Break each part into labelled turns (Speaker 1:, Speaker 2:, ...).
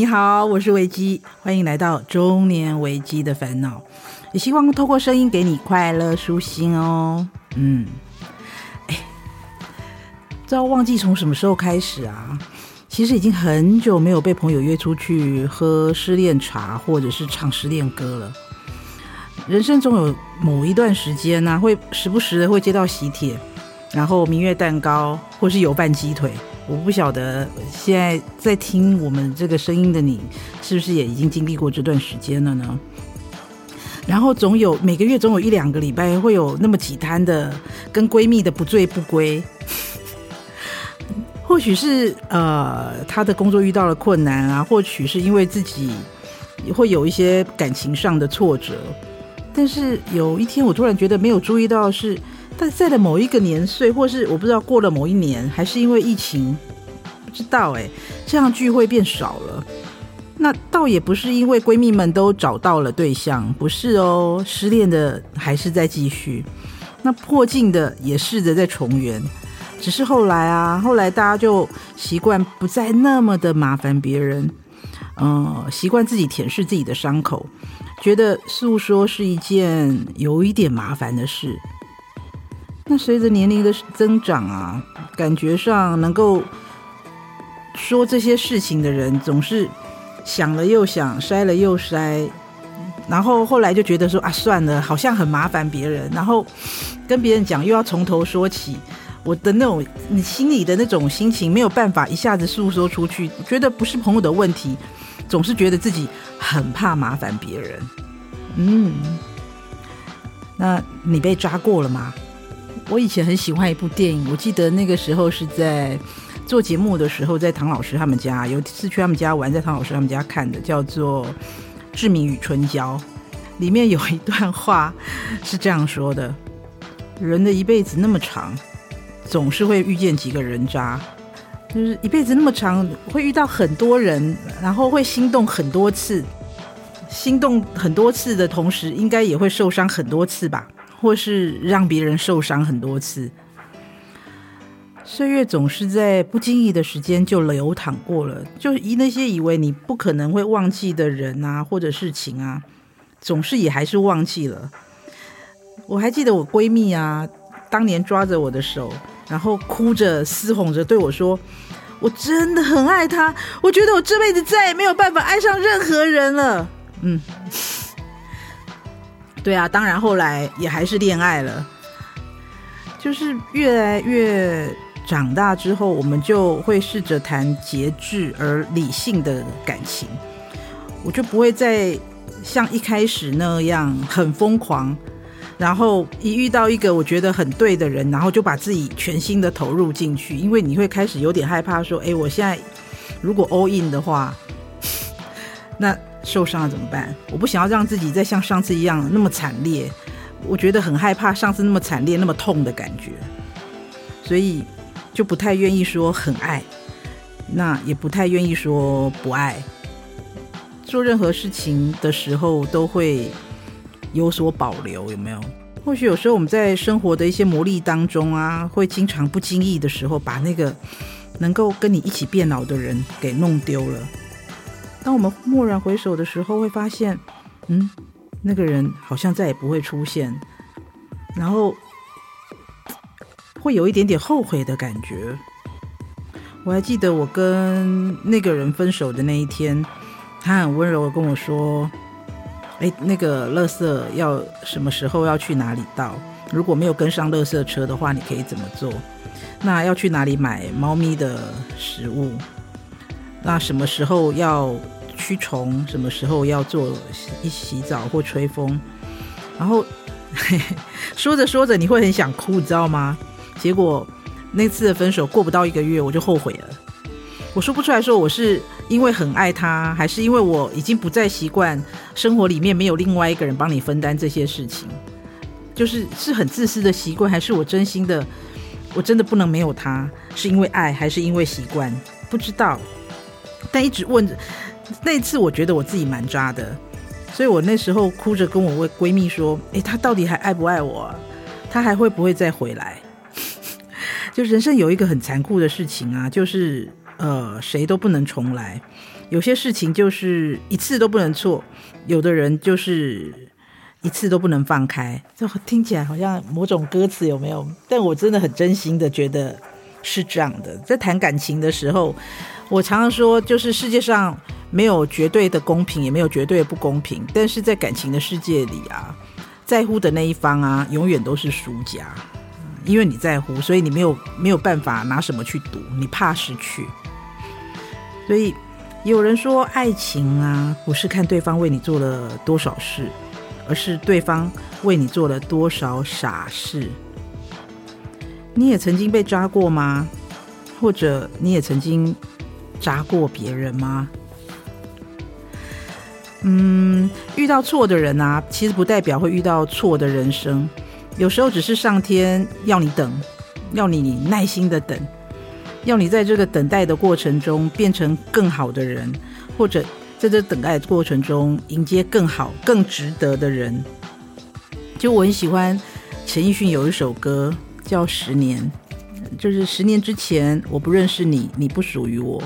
Speaker 1: 你好，我是維基，歡迎來到中年維基的煩惱。也希望透過聲音給你快樂舒心哦。嗯，哎，都要忘記從什麼時候開始啊？其實已經很久沒有被朋友約出去喝失戀茶，或者是唱失戀歌了。人生中有某一段時間呢、啊，會時不時的會接到喜帖，然後彌月蛋糕，或是油飯雞腿。我不曉得現在在聽我們這個聲音的你，是不是也已經經歷過這段時間了呢？然後總有每個月總有一兩個禮拜會有那麼幾攤的跟閨蜜的不醉不歸， 或許是呃，她的工作遇到了困難啊，或許是因為自己會有一些感情上的挫折，但是有一天我突然覺得沒有注意到是。但在了某一個年歲，或是我不知道過了某一年，還是因為疫情，不知道哎、欸，這樣聚會變少了。那倒也不是因為閨蜜們都找到了對象，不是哦，失戀的還是在繼續，那破鏡的也試著在重圓。只是後來啊，後來大家就習慣不再那麼的麻煩別人，嗯，習慣自己舔舐自己的傷口，覺得訴說是一件有一點麻煩的事。那隨着年齡的增長啊，感覺上能夠說這些事情的人，總是想了又想，篩了又篩。然後後來就覺得說啊，算了，好像很麻煩別人，然後跟別人講又要從頭說起，我的那種你心裡的那種心情沒有辦法一下子訴說出去，覺得不是朋友的問題，總是覺得自己很怕麻煩別人。嗯，那你被渣過了嗎？我以前很喜歡一部電影，我記得那個時候是在做節目的時候，在唐老師他們家，有一次去他們家玩，在唐老師他們家看的，叫做《志明與春嬌》，裡面有一段話是這樣說的：“人的一輩子那麼長，總是會遇見幾個人渣，就是一輩子那麼長，會遇到很多人，然後會心動很多次，心動很多次的同時，應該也會受傷很多次吧。”或是讓別人受傷很多次，歲月總是在不經意的時間就流淌過了。就以那些以為你不可能會忘記的人啊，或者事情啊，總是也還是忘記了。我還記得我閨蜜啊，當年抓着我的手，然後哭着嘶吼着對我說：“我真的很愛她，我覺得我這輩子再也沒有辦法愛上任何人了。”嗯。對啊，當然後來也還是戀愛了，就是越來越長大之後，我們就會試着談節制而理性的感情，我就不會再像一開始那樣很瘋狂，然後一遇到一個我覺得很對的人，然後就把自己全心的投入進去，因為你會開始有點害怕說，哎，我現在如果 all in 的話， 那。受傷了怎麼辦？我不想要讓自己再像上次一樣那麼慘烈，我覺得很害怕上次那麼慘烈、那麼痛的感覺，所以就不太願意說很愛，那也不太願意說不愛。做任何事情的時候都會有所保留，有沒有？或許有時候我們在生活的一些磨礪當中啊，會經常不經意的時候把那個能夠跟你一起變老的人給弄丟了。當我們驀然回首的時候，會發現，嗯，那個人好像再也不會出現，然後會有一點點後悔的感覺。我還記得我跟那個人分手的那一天，他很溫柔的跟我說：“哎，那個垃圾要什麼時候要去哪裡倒？如果沒有跟上垃圾車的話，你可以怎麼做？那要去哪裡買貓咪的食物？”那什麼時候要驅蟲？什麼時候要做洗一洗澡或吹風？然後嘿說着說着，你會很想哭，你知道嗎？結果那次的分手過不到一個月，我就後悔了。我說不出來說我是因為很愛他，還是因為我已經不再習慣生活裡面沒有另外一個人幫你分擔這些事情，就是是很自私的習慣，還是我真心的，我真的不能沒有他？是因為愛，還是因為習慣？不知道。但一直問著，那次我覺得我自己蠻渣的，所以我那時候哭着跟我位閨蜜說：“誒，他到底還愛不愛我啊？他還會不會再回來？” 就人生有一個很殘酷的事情啊，就是呃，誰都不能重來，有些事情就是一次都不能錯，有的人就是一次都不能放開。就聽起來好像某種歌詞有沒有？但我真的很真心的覺得。是這樣的，在談感情的時候，我常常說，就是世界上沒有絕對的公平，也沒有絕對的不公平。但是在感情的世界裡啊，在乎的那一方啊，永遠都是輸家，嗯，因為你在乎，所以你沒有沒有辦法拿什麼去賭，你怕失去。所以有人說，愛情啊，不是看對方為你做了多少事，而是對方為你做了多少傻事。你也曾經被渣過嗎？或者你也曾經渣過別人嗎？嗯，遇到錯的人啊，其實不代表會遇到錯的人生。有時候只是上天要你等，要你耐心的等，要你在這個等待的過程中變成更好的人，或者在這等待的過程中迎接更好、更值得的人。就我很喜歡陳奕迅有一首歌。叫十年，就是十年之前，我不認識你，你不屬於我，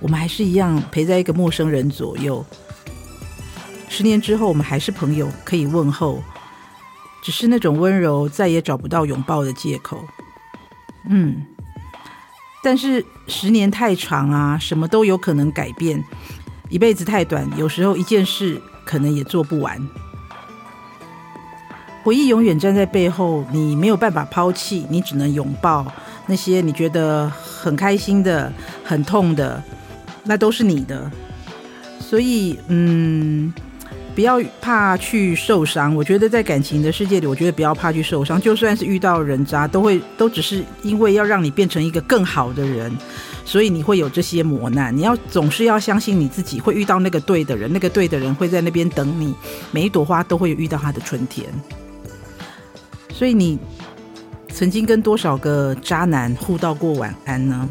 Speaker 1: 我們還是一樣陪在一個陌生人左右。十年之後，我們還是朋友，可以問候，只是那種溫柔再也找不到擁抱的借口。嗯，但是十年太長啊，什麼都有可能改變。一輩子太短，有時候一件事可能也做不完。回憶永遠站在背後，你沒有辦法拋棄，你只能擁抱那些你覺得很開心的、很痛的，那都是你的。所以，嗯，不要怕去受傷。我覺得在感情的世界裡，我覺得不要怕去受傷。就算是遇到人渣，都會都只是因為要讓你變成一個更好的人，所以你會有這些磨難。你要總是要相信你自己，會遇到那個對的人，那個對的人會在那邊等你。每一朵花都會遇到它的春天。所以你曾經跟多少個渣男互道過晚安呢？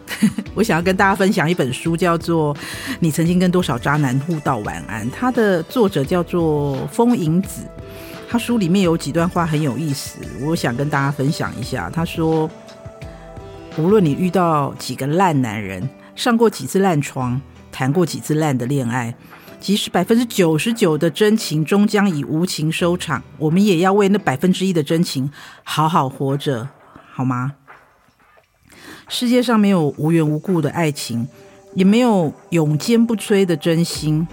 Speaker 1: 我想要跟大家分享一本書，叫做《你曾經跟多少渣男互道晚安》。它的作者叫做風影子，他書裡面有幾段話很有意思，我想跟大家分享一下。他說：“無論你遇到幾個爛男人，上過幾次爛床，談過幾次爛的戀愛。”即使百分之九十九的真情終將以無情收場，我們也要為那百分之一的真情好好活着，好嗎？世界上沒有無緣無故的愛情，也沒有永堅不摧的真心。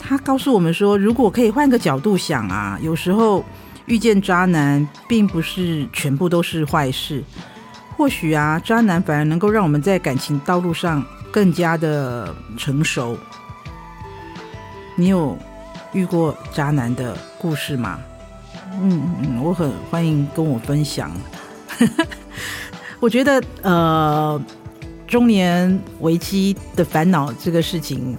Speaker 1: 他告訴我們說，如果可以換個角度想啊，有時候遇見渣男並不是全部都是壞事，或許啊，渣男反而能夠讓我們在感情道路上更加的成熟。你有遇過渣男的故事嗎？嗯嗯，我很歡迎跟我分享。 我覺得呃，中年危機的煩惱這個事情，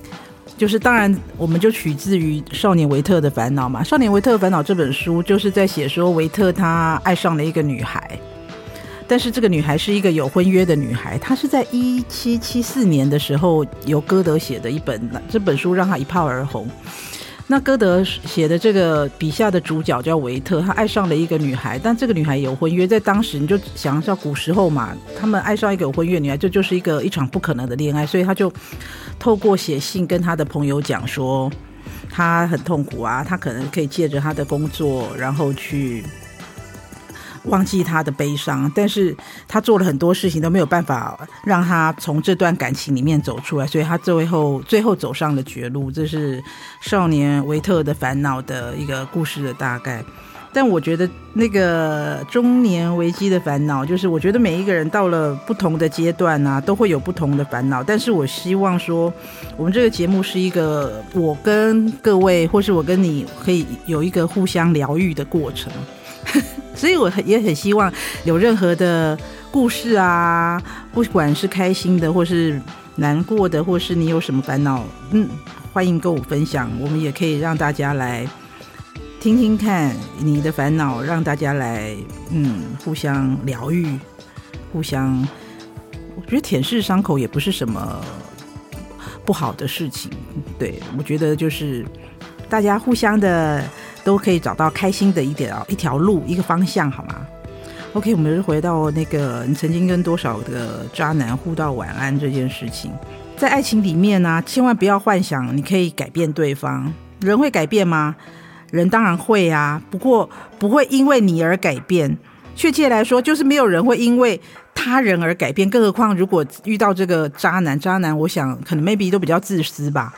Speaker 1: 就是當然我們就取自於少年維特的煩惱嘛。少年維特的煩惱這本書就是在寫說，維特他愛上了一個女孩。但是這個女孩是一個有婚約的女孩，她是在一七七四年的時候由歌德寫的一本這本書讓她一炮而紅。那歌德寫的這個筆下的主角叫維特，他愛上了一個女孩，但這個女孩有婚約。在當時你就想一下，古時候嘛，他們愛上一個有婚約女孩，這就，就是一個一場不可能的戀愛。所以他就透過寫信跟他的朋友講說，他很痛苦啊，他可能可以借着他的工作，然後去。忘記他的悲傷，但是他做了很多事情都沒有辦法讓他從這段感情裡面走出來，所以他最後最後走上了絕路。這是《少年維特的煩惱》的一個故事的大概。但我覺得那個中年危機的煩惱，就是我覺得每一個人到了不同的階段啊，都會有不同的煩惱。但是我希望說，我們這個節目是一個我跟各位，或是我跟你，可以有一個互相療癒的過程。所以我也很希望有任何的故事啊，不管是開心的，或是難過的，或是你有什麼煩惱，嗯，歡迎跟我分享。我們也可以讓大家來聽聽看你的煩惱，讓大家來嗯互相療癒，互相。我覺得舔舐傷口也不是什麼不好的事情，對，我覺得就是大家互相的。都可以找到開心的一點啊，一條路，路，一個方向，好嗎？OK，我們回到那個你曾經跟多少個渣男互道晚安這件事情。在愛情裡面呢、啊，千萬不要幻想你可以改變對方。人會改變嗎？人當然會啊，不過不會因為你而改變。確切來說，就是沒有人會因為他人而改變。更何況，如果遇到這個渣男，渣男，我想可能 maybe 都比較自私吧，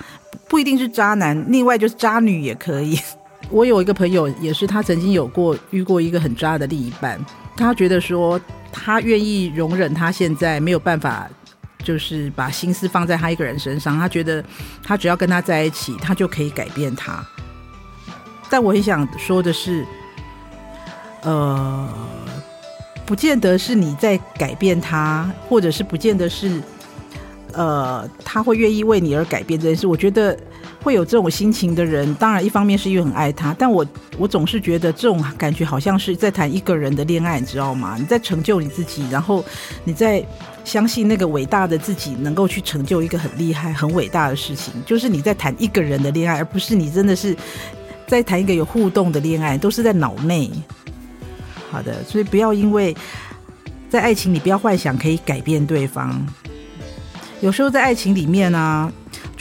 Speaker 1: 不一定是渣男，另外就是渣女也可以。我有一個朋友，也是他曾經有過遇過一個很渣的另一半，他覺得說他願意容忍他現在沒有辦法，就是把心思放在他一個人身上。他覺得他只要跟他在一起，他就可以改變他。但我很想說的是，呃，不見得是你在改變他，或者是不見得是，呃，他會願意為你而改變這件事。我覺得。會有這種心情的人，當然一方面是因為很愛他，但我我總是覺得這種感覺好像是在談一個人的戀愛，你知道嗎？你在成就你自己，然後你在相信那個偉大的自己能夠去成就一個很厲害、很偉大的事情，就是你在談一個人的戀愛，而不是你真的是在談一個有互動的戀愛，都是在腦內。好的，所以不要因為在愛情裡不要幻想可以改變對方。有時候在愛情裡面呢、啊。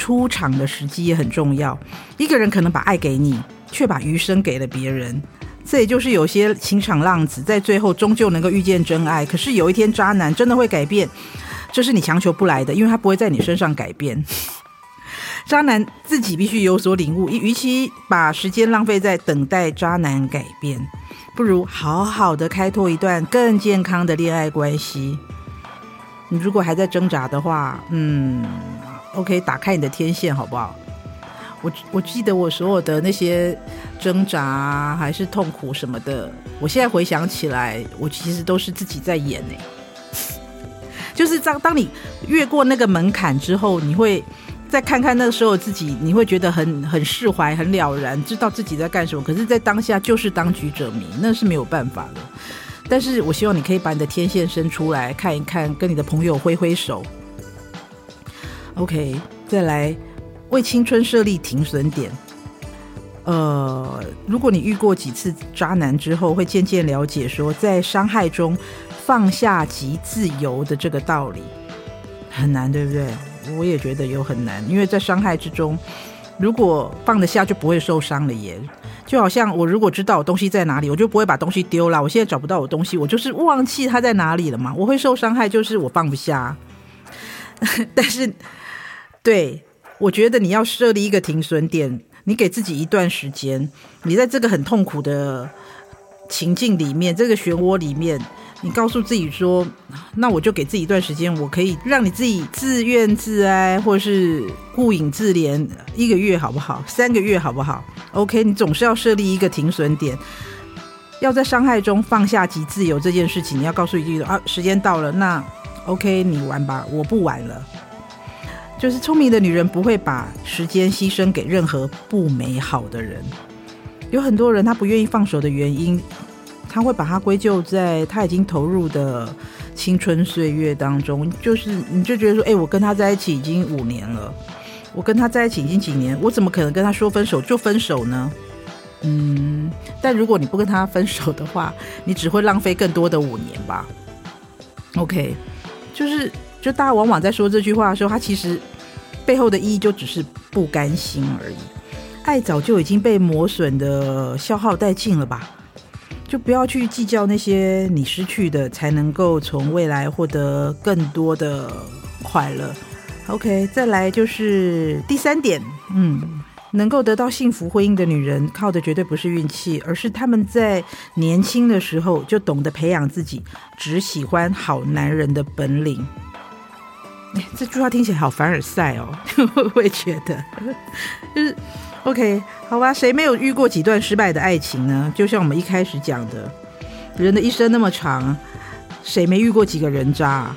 Speaker 1: 出場的時機也很重要。一個人可能把愛給你，卻把餘生給了別人。這也就是有些情場浪子在最後終究能夠遇見真愛。可是有一天，渣男真的會改變，這是你強求不來的，因為他不會在你身上改變。渣男自己必須有所領悟。與其把時間浪費在等待渣男改變，不如好好的開拓一段更健康的戀愛關係。你如果還在掙扎的話，嗯。OK，打開你的天線好不好？我我記得我所有的那些掙扎還是痛苦什麼的，我現在回想起來，我其實都是自己在演呢、欸。就是當當你越過那個門檻之後，你會再看看那個時候自己，你會覺得很很釋懷、很了然，知道自己在幹什麼。可是，在當下就是當局者迷，那是沒有辦法的。但是我希望你可以把你的天線伸出來看一看，跟你的朋友揮揮手。OK，再來為青春設立停損點。呃，如果你遇過幾次渣男之後，會漸漸了解說，在傷害中放下即自由的這個道理很難，對不對？我也覺得有很難，因為在傷害之中，如果放得下，就不會受傷了耶。就好像我如果知道我東西在哪裡，我就不會把東西丟了。我現在找不到我的東西，我就是忘記它在哪裡了嘛。我會受傷害，就是我放不下。 但是。對，我覺得你要設立一個停損點，你給自己一段時間，你在這個很痛苦的情境裡面，這個漩渦裡面，你告訴自己說：“那我就給自己一段時間，我可以讓你自己自怨自哀，或者是顧影自憐，一個月好不好？三個月好不好？OK，你總是要設立一個停損點，要在傷害中放下及自由這件事情，你要告訴自己說：啊，時間到了，那 OK，你玩吧，我不玩了。”就是聰明的女人不會把時間犧牲給任何不美好的人。有很多人他不願意放手的原因，他會把它歸咎在他已經投入的青春歲月當中。就是你就覺得說，哎、欸，我跟他在一起已經五年了，我跟他在一起已經幾年，我怎麼可能跟他說分手就分手呢？嗯，但如果你不跟他分手的話，你只會浪費更多的五年吧？OK，就是就大家往往在說這句話的時候，他其實。背後的意義就只是不甘心而已，愛早就已經被磨損的消耗殆盡了吧？就不要去計較那些你失去的，才能夠從未來獲得更多的快樂。OK，再來就是第三點，嗯，能夠得到幸福婚姻的女人，靠的絕對不是運氣，而是她們在年輕的時候就懂得培養自己只喜歡好男人的本領。這句話聽起來好凡爾賽哦，會不會覺得，就是 OK，好吧，誰沒有遇過幾段失敗的愛情呢？就像我們一開始講的，人的一生那麼長，誰沒遇過幾個人渣啊？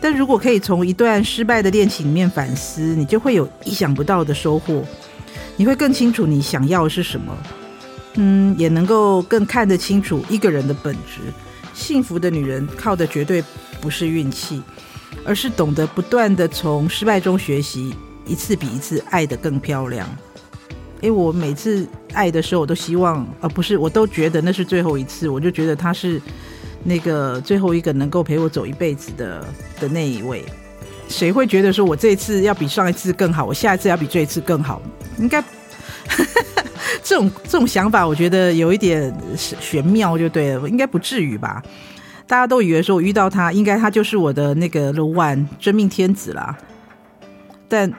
Speaker 1: 但如果可以從一段失敗的戀情裡面反思，你就會有意想不到的收穫，你會更清楚你想要的是什麼，嗯，也能夠更看得清楚一個人的本質。幸福的女人靠的絕對不是運氣。而是懂得不斷地從失敗中學習，一次比一次愛得更漂亮。哎，我每次愛的時候，我都希望，啊、呃，不是，我都覺得那是最後一次，我就覺得他是那個最後一個能夠陪我走一輩子的的那一位。誰會覺得說我這次要比上一次更好，我下一次要比這一次更好？應該 這種這種想法，我覺得有一點玄妙，就對了，應該不至於吧？大家都以為說，我遇到他，應該他就是我的那個 The One 真命天子啦。但，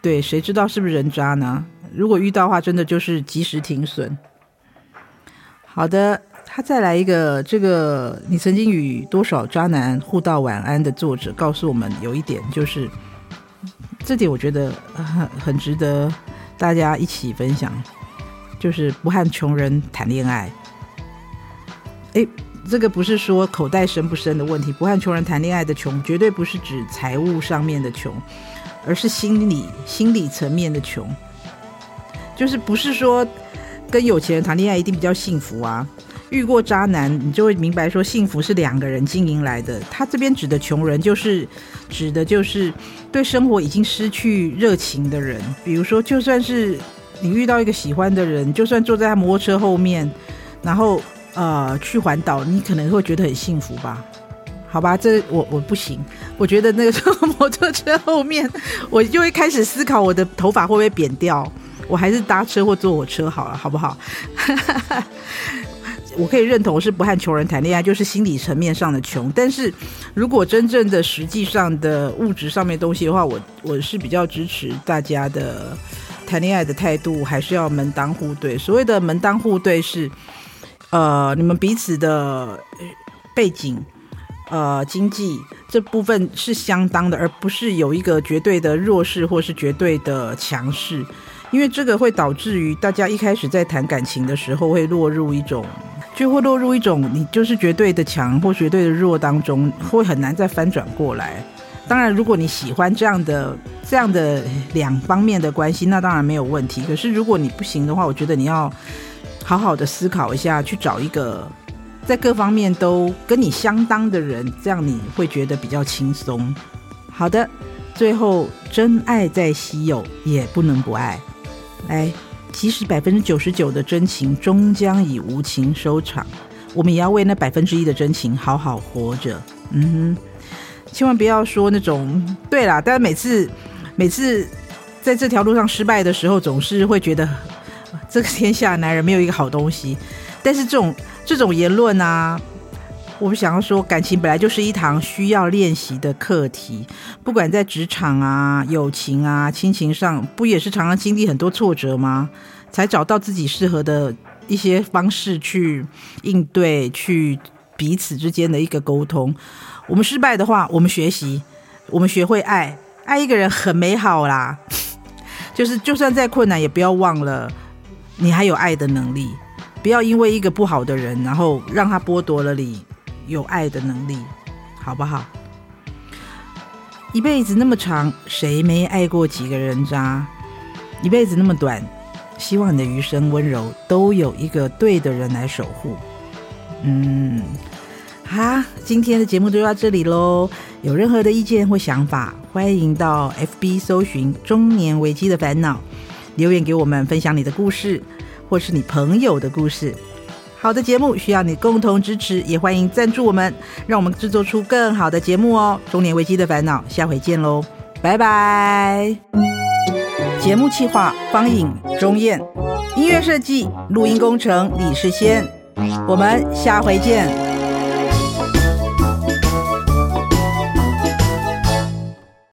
Speaker 1: 對，誰知道是不是人渣呢？如果遇到的話，真的就是及時停損。好的，他再來一個，這個你曾經與多少渣男互道晚安的作者告訴我們，有一點就是，這點我覺得很很值得大家一起分享，就是不和窮人談戀愛。誒、欸。這個不是說口袋深不深的問題，不和窮人談戀愛的窮，絕對不是指財務上面的窮，而是心理心理層面的窮。就是不是說跟有錢人談戀愛一定比較幸福啊？遇過渣男，你就會明白說幸福是兩個人經營來的。他這邊指的窮人，就是指的就是對生活已經失去熱情的人。比如說，就算是你遇到一個喜歡的人，就算坐在他摩托車後面，然後。呃，去環島，你可能會覺得很幸福吧？好吧，這我我不行，我覺得那個時候摩托車後面，我就會開始思考我的頭髮會不會扁掉。我還是搭車或坐我車好了，好不好？ 我可以認同是不和窮人談戀愛，就是心理層面上的窮。但是如果真正的、實際上的物質上面東西的話，我我是比較支持大家的談戀愛的態度，還是要門當戶對。所謂的門當戶對是。呃，你們彼此的背景、呃，經濟這部分是相當的，而不是有一個絕對的弱勢或是絕對的強勢，因為這個會導致於大家一開始在談感情的時候會落入一種，就會落入一種你就是絕對的強或絕對的弱當中，會很難再翻轉過來。當然，如果你喜歡這樣的這樣的兩方面的關係，那當然沒有問題。可是如果你不行的話，我覺得你要。好好的思考一下，去找一個在各方面都跟你相當的人，這樣你會覺得比較輕鬆。好的，最後真愛再稀有，也不能不愛。哎，其實百分之九十九的真情終將以無情收場，我們也要為那百分之一的真情好好活着。嗯哼，千萬不要說那種對啦。但每次每次在這條路上失敗的時候，總是會覺得。這個天下男人沒有一個好東西，但是這種這種言論啊，我們想要說，感情本來就是一堂需要練習的課題。不管在職場啊、友情啊、親情上，不也是常常經歷很多挫折嗎？才找到自己適合的一些方式去應對，去彼此之間的一個溝通。我們失敗的話，我們學習，我們學會愛。愛一個人很美好啦， 就是就算再困難，也不要忘了。你還有愛的能力，不要因為一個不好的人，然後讓他剝奪了你有愛的能力，好不好？一輩子那麼長，誰沒愛過幾個人渣？一輩子那麼短，希望你的餘生溫柔，都有一個對的人來守護。嗯，好，今天的節目就到這裡嘍。有任何的意見或想法，歡迎到 FB 搜尋“中年危機的煩惱”。留言給我們分享你的故事，或是你朋友的故事。好的節目需要你共同支持，也歡迎贊助我們，讓我們製作出更好的節目哦。中年危機的煩惱，下回見嘍，拜拜。 節目企劃方影鍾燕，音樂設計錄音工程李世仙，我們下回見。